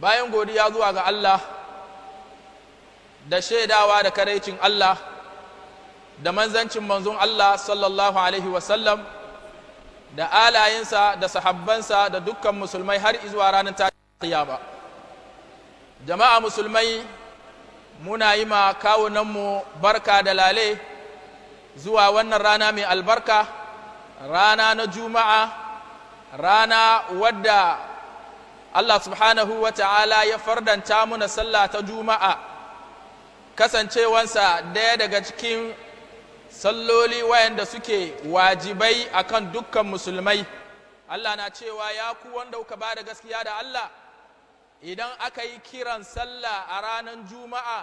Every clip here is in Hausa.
bayan godiya zuwa ga Allah da shaidawa da karaicin Allah da manzancin manzon Allah sallallahu alaihi wasallam da alayensa da sahabbansa da dukkan musulmai har izuwa ranar ta ba jama'a musulmai muna yi ma kawunanmu barka da lale zuwa wannan rana mai albarka rana na juma'a rana wadda Allah subhanahu wa ta'ala ya fardanta muna sallah ta juma'a kasancewansa daya daga cikin salloli wayanda suke wajibai akan dukkan musulmai Allah na cewa ya ku wanda kuka ba da gaskiya da Allah idan aka yi kiran sallah a ranar juma'a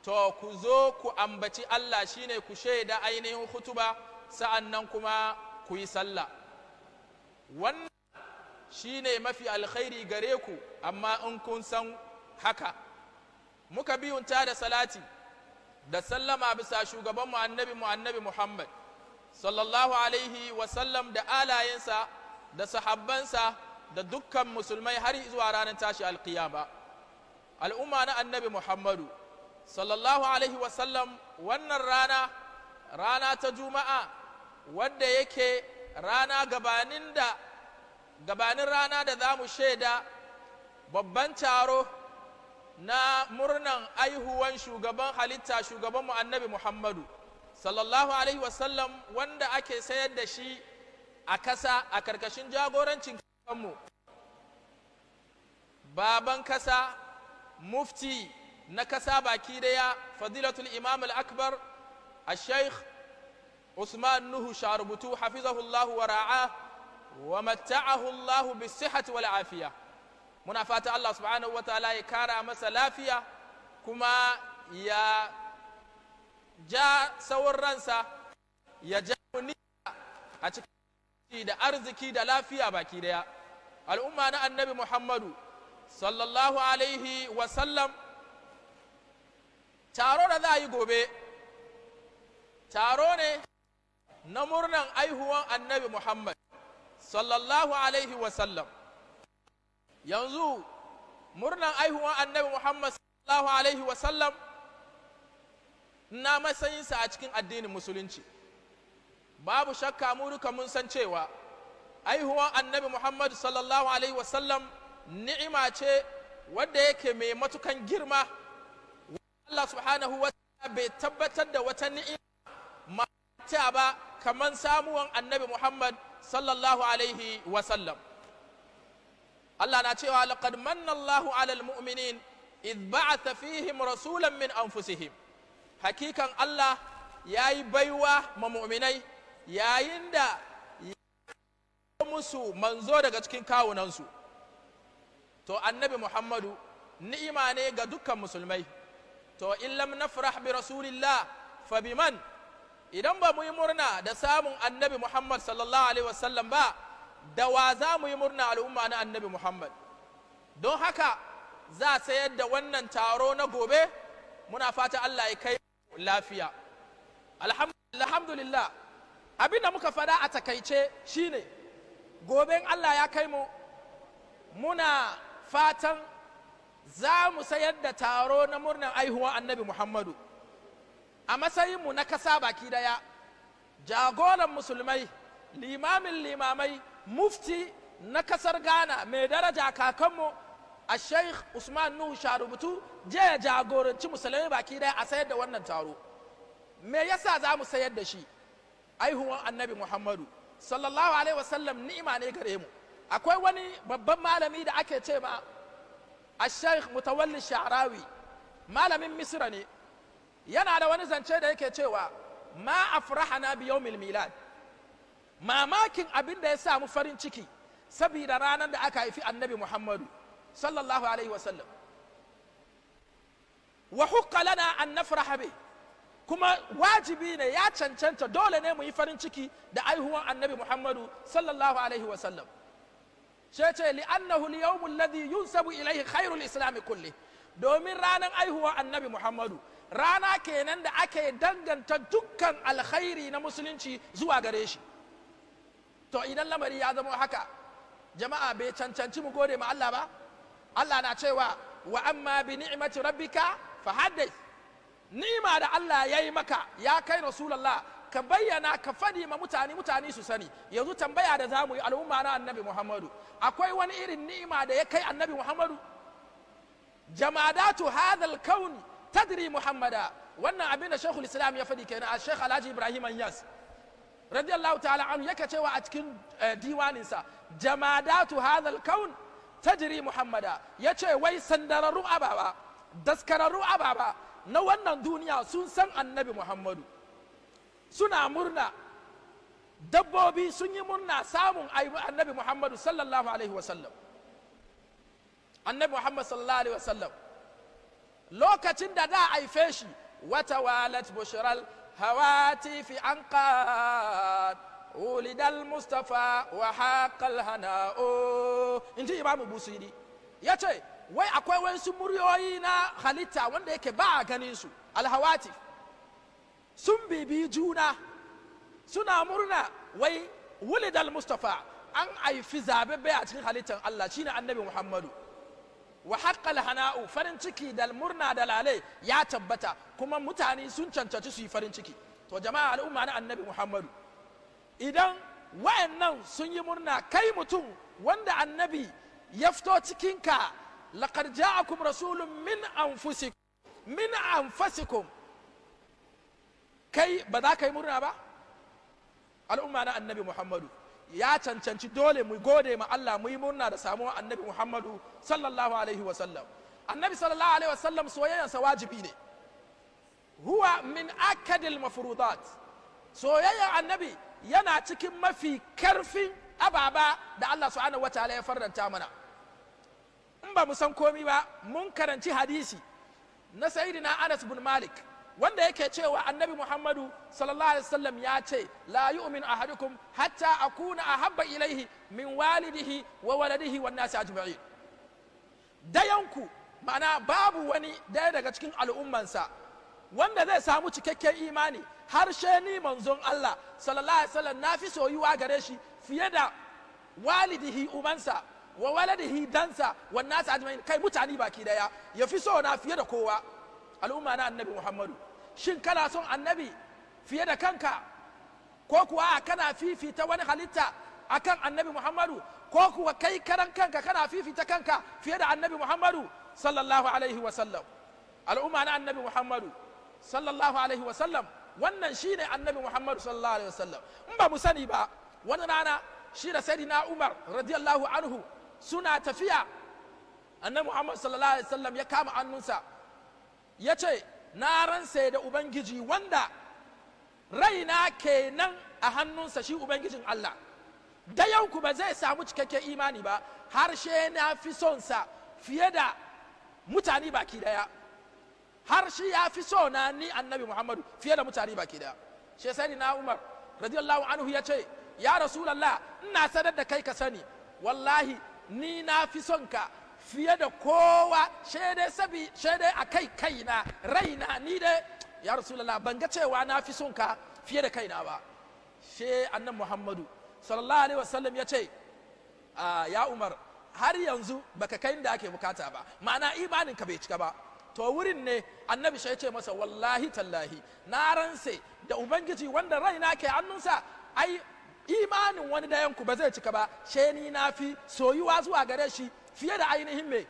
to ku zo ku ambaci Allah shine ku shaida ainihin hutuba sa'an nan kuma ku yi sallah Shi ne mafi alkhairi gare ku amma in kun san haka muka biyunta da salati da sallama bisa shugaban mu annabi mu annabi Muhammad sallallahu alaihi wa sallam da alayensa da sahabbansa da dukkan musulmai har zuwa ranar tashi alkiyama al'umma na annabi Muhammadu sallallahu alaihi wa sallam wannan rana rana ta juma'a wadda yake rana gabanin da gabanin rana da za mu shaida babban taro na murnan aihuwan shugaban halitta shugaban mu annabi muhammadu sallallahu alaihi wasallam wanda ake sayar da shi a kasa a karkashin jagorancin kanmu baban kasa mufti na kasa baki daya fadilatul imam al-akbar a sheikh usman nuhu sharubutu hafizahullahu wa ra'a wa matta'ahu Allah bi sihhati wal afiya muna fata Allah subhanahu wataala ya kara masa lafiya kuma ya ja sawun ya ja niyya a cikin da arziki da lafiya baki daya al'umma na annabi Muhammadu sallallahu alaihi wa sallam taro da za a yi gobe taro ne na murnan aihuwan annabi Muhammad sallallahu alaihi wasallam yanzu murnan aihuwan annabi muhammad sallallahu alaihi wasallam na matsayinsa a cikin addinin musulunci babu shakka mu duka mun san cewa aihuwan annabi muhammad sallallahu alaihi wasallam ni'ima ce wadda yake mai matukan girma Allah subhanahu wa ta'ala bai tabbatar da wata ni'ima ma ta ba kamar samuwan annabi muhammad sallallahu alaihi wasallam Allah na cewa laqad manna Allahu alal mu'minin idh ba'atha fihim rasulan min anfusihim hakikan Allah yayi baiwa ma mu'minai yayin da musu manzo daga cikin kawunansu to annabi Muhammadu ni'ima ne ga dukkan musulmai to in lam nafrah bi rasulillah fa biman idan ba mu yi murna da samun annabi muhammad sallallahu alaihi wasallam ba da wa za mu yi murna al'umma na annabi muhammad don haka za a sayar da wannan taro na gobe muna fata allah ya kai lafiya alhamdulillah abin da muka fada a takaice shine goben allah ya kai mu muna fatan za mu sayar da taro na murnar aihuwa annabi muhammadu a matsayinmu na kasa baki daya jagoran musulmai limamin limamai mufti na kasar ghana mai daraja kakanmu a sheikh usman nuhu sharubutu je ya jagoranci musulmai baki daya a sayar da wannan taro me yasa za mu sayar da shi aihuwan annabi muhammadu sallallahu alaihi wasallam ni'ima ne gare mu akwai wani babban malami da ake ce ma a sheikh mutawalli sha'rawi malamin misra ne yana da wani zance da yake cewa ma afrahana bi biyo milad mamakin abin da ya samu farin ciki saboda ranar da aka haifi annabi muhammadu sallallahu alaihi wasallam wa hukka an nafraha bi kuma wajibi ne ya cancanta dole ne mu yi farin ciki da aihuwan annabi muhammadu sallallahu alaihi wasallam ce li'annahu al-yawm alladhi yunsabu ilayhi khairul islam kulli domin ranar aihuwan annabi muhammadu rana kenan da ake danganta dukkan alkhairi na musulunci zuwa gare shi to idan lamari ya zama haka jama'a bai cancanci mu gode ma Allah ba Allah na cewa wa amma bi ni'mati rabbika fa haddath ni'ima da Allah yayi maka ya kai rasulullah ka bayyana ka fadi ma mutane mutane su sani yanzu tambaya da zamu yi al'umma na annabi Muhammadu akwai wani irin ni'ima da ya kai annabi Muhammadu jamadatu hadha al-kawn tadri muhammada wannan abin da shekul islam ya faɗi kenan a shekh alhaji ibrahim anyas radiyallahu ta'ala anhu yake cewa a cikin eh, diwaninsa jamadatu hadhal kaun tajri muhammada ya ce wai sandararru ababa daskararru ababa na wannan duniya sun san annabi muhammadu suna murna dabbobi sun yi murna samun annabi muhammadu sallallahu alaihi wasallam annabi muhammad sallallahu alaihi wasallam lokacin da da haife shi wata walat bushiral hawati fi an ولد المصطفى وحاق الهناء inji imamu busiri ya ce wai akwai wasu muryoyi na halitta wanda yake ba a ganin su alhawati sun bibi juna suna murna wai wulidal mustafa an haifi zabe bai a cikin halittar allah shine annabi muhammadu wa haqqal hana'u farin ciki da murna da lalai ya tabbata kuma mutane sun cancanci su yi farin ciki to jama'a al'umma na annabi muhammadu idan wa'annan sun yi murna kai mutum wanda annabi ya fito cikinka laqad ja'akum rasulun min anfusikum min anfasikum kai ba za ka yi murna ba al'umma na annabi muhammadu ya cancanci dole mu gode ma Allah mu yi murna da samuwar annabi Muhammadu sallallahu alaihi wa sallam annabi sallallahu alaihi wa sallam soyayyarsa wajibi ne huwa min akadil mafrudat soyayyan annabi yana cikin mafi karfin ababa da Allah subhanahu wataala ya faranta mana in ba mu san komi ba mun karanci hadisi na sayyidina Anas bin Malik wanda yake cewa annabi muhammadu sallallahu alaihi wasallam ya ce la yu'min ahadukum hatta akuna ahabba ilaihi min walidihi wa waladihi wan nasi ajma'in dayanku ma'ana babu wani daya daga cikin al'ummansa wanda zai samu cikakken imani harshe ni manzon Allah sallallahu alaihi wasallam na fi soyuwa gare shi fiye da walidihi umansa wa waladihi dansa wannan nasi ajma'in kai mutane baki daya ya fi so na fiye da kowa al'umma na annabi muhammadu shin kana son annabi fiye da kanka ko kuwa kana fifita wani halitta akan annabi muhammadu ko kuwa kai karan kanka kana fifita kanka fiye da annabi muhammadu sallallahu alaihi wa wasallam al'umma na annabi muhammadu sallallahu alaihi wa sallam wannan shine annabi muhammadu sallallahu alaihi wasallam in ba mu sani ba wani rana shi da sayyidina umar radiyallahu anhu suna tafiya annabi Muhammadu sallallahu alaihi wa sallam ya kama annunsa ya ce na ransa da ubangiji wanda raina kenan a hannunsa shi ubangijin Allah da yau ku ba zai samu cikakke imani ba harshe na fi sonsa fiye da mutane baki daya harshe ya fi so na ni annabi muhammadu fiye da mutane baki daya shi sai na umar radiyallahu anhu ya ce ya rasulallah ina sanar da kai ka sani wallahi ni na fi son ka fiye da kowa shaidai sabi shaidai a kai kaina raina ni dai ya rasulullah ban ga cewa na fi son ka fiye da kaina ba she annan muhammadu sallallahu alaihi wasallam ya ce ya umar har yanzu baka kai da ake bukata ba ma'ana imanin ka bai cika ba to wurin ne annabi shi ce masa wallahi tallahi na ranse da ubangiji wanda raina ke hannunsa ai imanin wani dayanku yanku ba zai cika ba she ni na fi soyuwa zuwa gare shi fiye da ainihin mai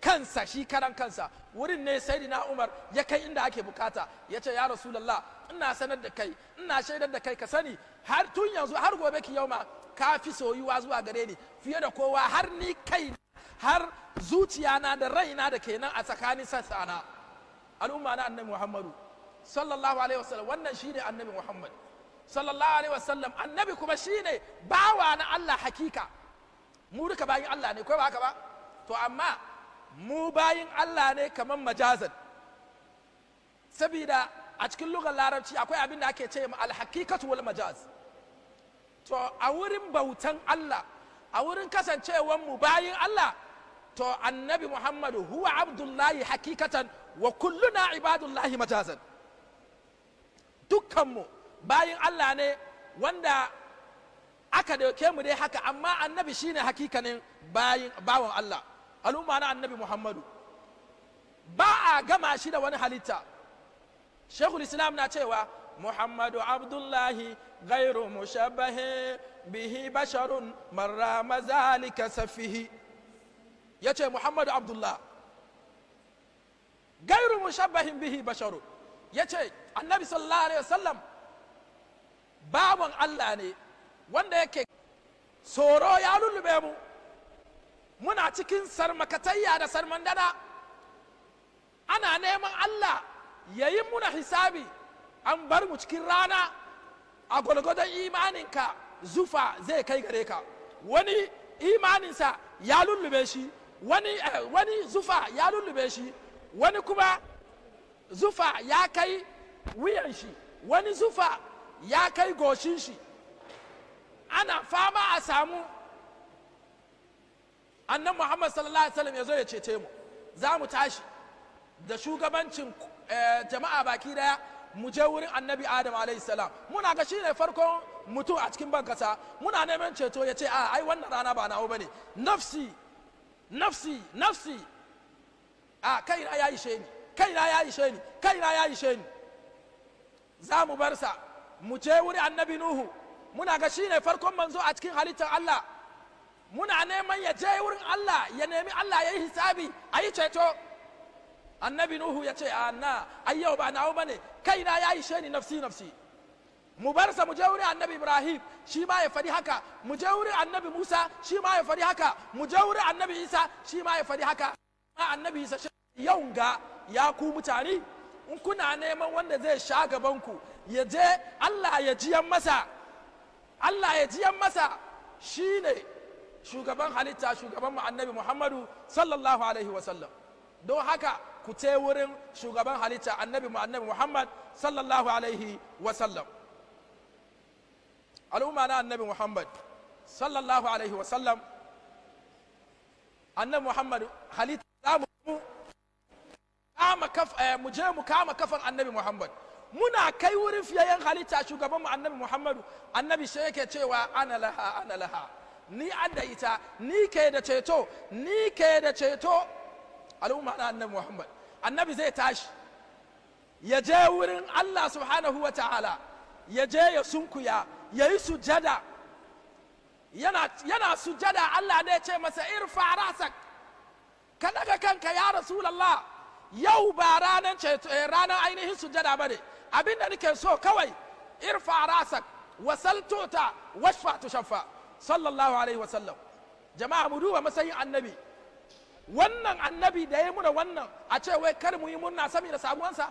kansa shi karan kansa wurin ne sai na umar ya kai inda ake bukata ya ce ya rasulallah ina sanar da kai ina shaidar da kai ka sani har tun yanzu har gobe ki yau ma ka fi soyuwa zuwa gare ni fiye da kowa har ni kai har zuciyana da raina da kenan a tsakanin sassana al'umma na annabi muhammadu sallallahu alaihi wasallam wannan shi ne annabi muhammad sallallahu alaihi wasallam annabi kuma shine bawa na allah hakika mu duka bayan allah ne ko ba haka ba to amma mu bayin Allah ne kamar majazan saboda a cikin lugar larabci akwai abin da ake ce ma alhakikatu wal majaz to a wurin bautan Allah a wurin kasancewan mu bayin Allah to annabi Muhammadu huwa abdullahi hakikatan wa kulluna ibadullahi majazan dukkanmu bayin Allah ne wanda aka dauke mu dai haka amma annabi shine hakikanin bayin bawan Allah al'umma na annabi muhammadu ba a gama shi da wani halitta shekul islam na cewa muhammadu abdullahi gairu mushabbahi bihi basharun marra mazalika safihi ya ce muhammadu abdullah gairu mushabbahin bihi basharun ya ce annabi sallallahu alaihi wasallam bawan allah ne wanda yake tsoro ya lullube mu muna cikin sarmakatayya da sarmandana ana neman allah ya yi muna hisabi an bar mu cikin rana a gwalgwadon imaninka zufa zai kai gare ka wani imaninsa ya lullube shi wani, eh, wani zufa ya lullube shi wani kuma zufa ya kai wuyan shi wani zufa ya kai goshin shi ana fama a samu annan muhammad sallallahu alaihi wasallam ya zo ya cece mu za mu tashi da shugabancin eh, jama'a baki daya mu je wurin annabi adam alaihi salam muna ga shine farkon mutu a cikin bankasa muna neman ceto ya ce a ai wannan rana ba nawo bane nafsi nafsi nafsi a kaina ya ishe ni kaina ya ishe ni kaina ya ishe ni za mu bar sa mu je wurin annabi nuhu muna ga shine farkon manzo a cikin halittar allah muna neman ya je wurin Allah ya nemi Allah ya yi hisabi a yi ceto annabi nuhu ya ce a ah, na a yau ba na bane na ya ishe ni nafsi nafsi mu bar sa mu je wurin annabi ibrahim shi ma ya faɗi haka mu je wurin annabi musa shi ma ya faɗi haka mu je wurin annabi isa shi ma ya faɗi haka ma annabi isa yau ga ya ku mutane in kuna neman wanda zai sha gabanku ya je allah ya jiyan masa allah ya jiyan masa shine shugaban halitta shugaban mu annabi muhammadu sallallahu alaihi wasallam don haka ku ce wurin shugaban halitta annabi mu annabi muhammad sallallahu alaihi wasallam al'umma na annabi muhammad sallallahu alaihi wasallam annabi muhammad halitta za mu kama kafa mu je mu kama kafan annabi muhammad muna kai wurin fiyayen halitta shugaban mu annabi muhammadu annabi sai yake cewa ana laha ana laha ni adda ita ni ke da ceto ni ke da ceto al'umma na annabi muhammad annabi zai tashi ya je wurin allah subhanahu wa ta'ala ya je ya sunkuya ya yi sujada yana, yana sujada allah ne ce masa irfa rasak ka daga kanka ya rasulallah yau ba ranar eh, ranar ainihin sujada ba ne abinda nake so kawai irfa rasak wasaltota washfa tushaffa sallallahu alaihi wasallam jama'a mu duba matsayin annabi wannan annabi da ya muna wannan a ce wai kar mu yi murna sami da samuwansa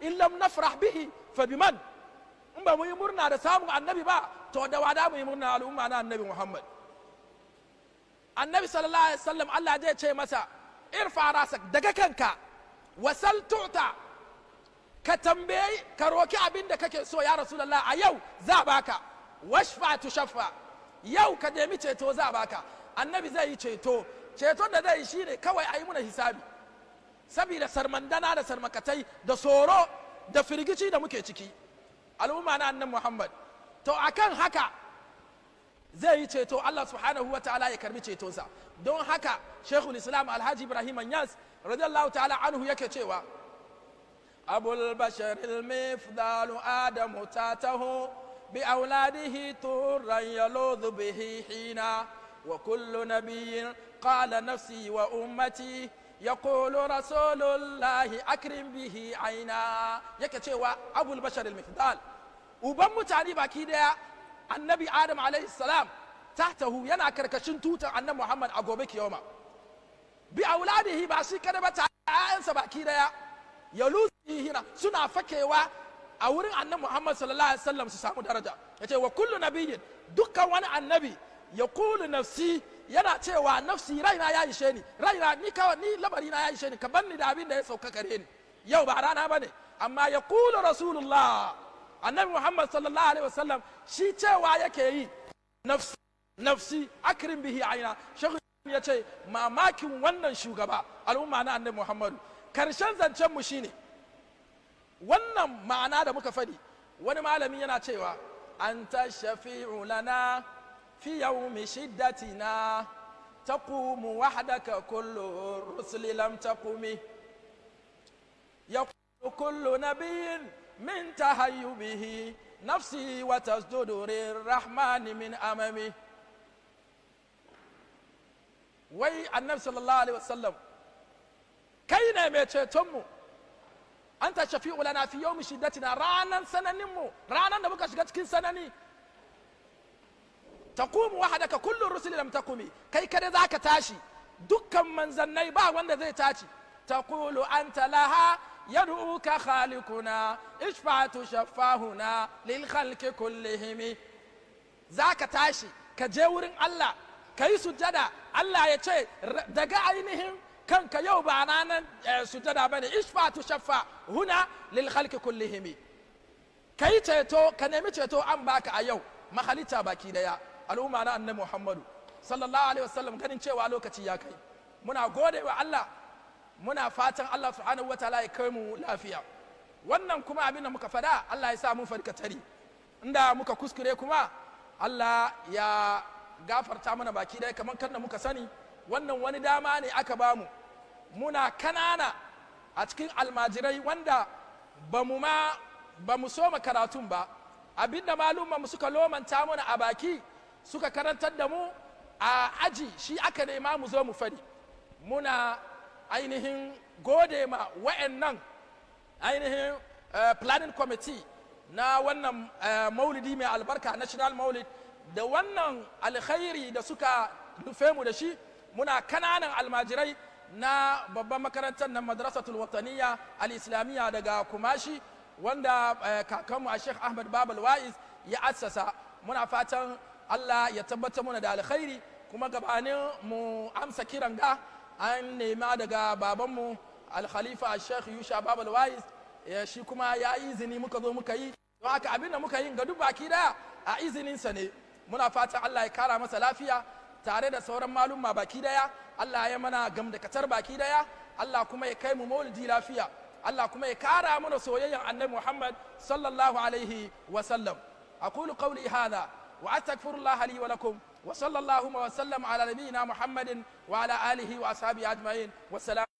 in lam nafrah bihi fa biman in ba mu yi murna da samun annabi ba to da wada mu yi murna al'umma na annabi muhammad annabi sallallahu alaihi wasallam Allah zai ce masa irfa sa daga kanka wasal tu'ta ka tambayi ka roki abin da kake so ya rasulullah a yau za baka washfa tushaffa yau ka nemi ceto za baka annabi zai yi ceto ceton da zai yi ne kawai a yi muna hisabi saboda sarmandana da sarmakatai da soro da firgici da muke ciki al'umma na annan muhammad to akan haka zai yi ceto allah subhanahu wa ta'ala ya karbi cetonsa don haka shekul islam alhaji ibrahim yas radiyallahu ta'ala anhu yake cewa abul bashar ilmi fudalu adamu بأولاده طورا يلوذ به حينا وكل نبي قال نفسي وأمتي يقول رسول الله أكرم به عينا يكتشوى أبو البشر المفضال وبم تعريبا كده النبي آدم عليه السلام تحته ينا كركشن توتا أن محمد أقوبك يوما بأولاده باشي كده بتعائن سبا كده يلوذ هنا سنة فكه a wurin annan Muhammad sallallahu alaihi wasallam su samu daraja ya ce wa kullu nabiyyin dukkan wani annabi ya kulu nafsi yana cewa nafsi raina ya ishe ni raina ni kawai ni labari na ya ishe ni ka ni da abin da ya sauka kare ni yau ba rana ba ne amma ya kulu rasulullah annabi Muhammad sallallahu alaihi wasallam shi cewa yake yi nafsi nafsi akrim bihi aina shekhu ya ce mamakin wannan shugaba al'umma na annabi Muhammadu karshen zancen mu shine wannan ma'ana da muka fadi wani malami yana cewa anta shafi'u lana fi yawmi shiddatina taqumu wahdaka kullu rusuli lam taqumi yaqulu kullu nabiyyin min tahayyubihi nafsi wa tasjudu lirrahmani min amami wai annabi sallallahu alaihi wasallam kai ne mai cetonmu mu anta shafi'u lana fi yawmi shiddatina ranan sananin mu ranan da muka shiga cikin sanani taqumu wahadaka kullu rusuli lam takumi kai za zaka tashi dukkan manzannai ba wanda zai tashi taqulu anta laha yad'uka khaliquna ishfa'atu shaffahuna lil khalqi za zaka tashi ka je wurin Allah ka yi sujjada Allah ya ce daga ainihin kanka yau ba ranar eh, sujada ba ne isfa tu shaffa huna lil khalqi kullihimi ka yi ceto ka nemi ceto an baka a yau mahalita baki daya al'umma na annabi muhammadu sallallahu alaihi wasallam ganin cewa lokaci ya kai muna gode wa allah muna fatan allah subhanahu ta'ala ya kai mu lafiya wannan kuma abin da muka fada allah ya sa mun farka tari inda muka kuskure kuma allah ya gafarta mana baki daya kamar kan da muka sani wannan wani dama ne aka bamu muna kanana a cikin almajirai wanda ba mu ma ba mu so makaratun ba abinda mu suka lomanta muna a baki suka karantar da mu a aji shi aka nema mu zo mu fari muna ainihin gode ma wa'annan ainihin uh, planning committee na wannan uh, maulidi mai albarka national maulid da wannan alkhairi da suka nufe mu da shi muna kananan almajirai na babban makarantar na madrasatul wataniya al-islamiyya daga kumashi wanda eh, kakanmu a sheikh ahmad babal wa'iz ya assasa muna fatan allah ya tabbatar muna da alkhairi kuma gabanin mu amsa kiran ga an nema daga babanmu alkhalifa sheikh yusha babal wa'iz shi kuma ya izini muka zo muka yi don haka abin da muka yi ga duk baki ɗaya a izininsa ne muna fatan allah ya kara masa lafiya tare da sauran malumma baki daya Allah ya mana gamdakatar baki daya Allah kuma ya kai mu maulidi lafiya Allah kuma ya kara mana soyayyan annabi Muhammad sallallahu alaihi wa sallam aqulu qawli hadha wa astaghfiru Allah li wa lakum wa wa sallallahu sallam ala nabiyyina Muhammadin wa ala alihi wa ashabihi ajmain wa والسلام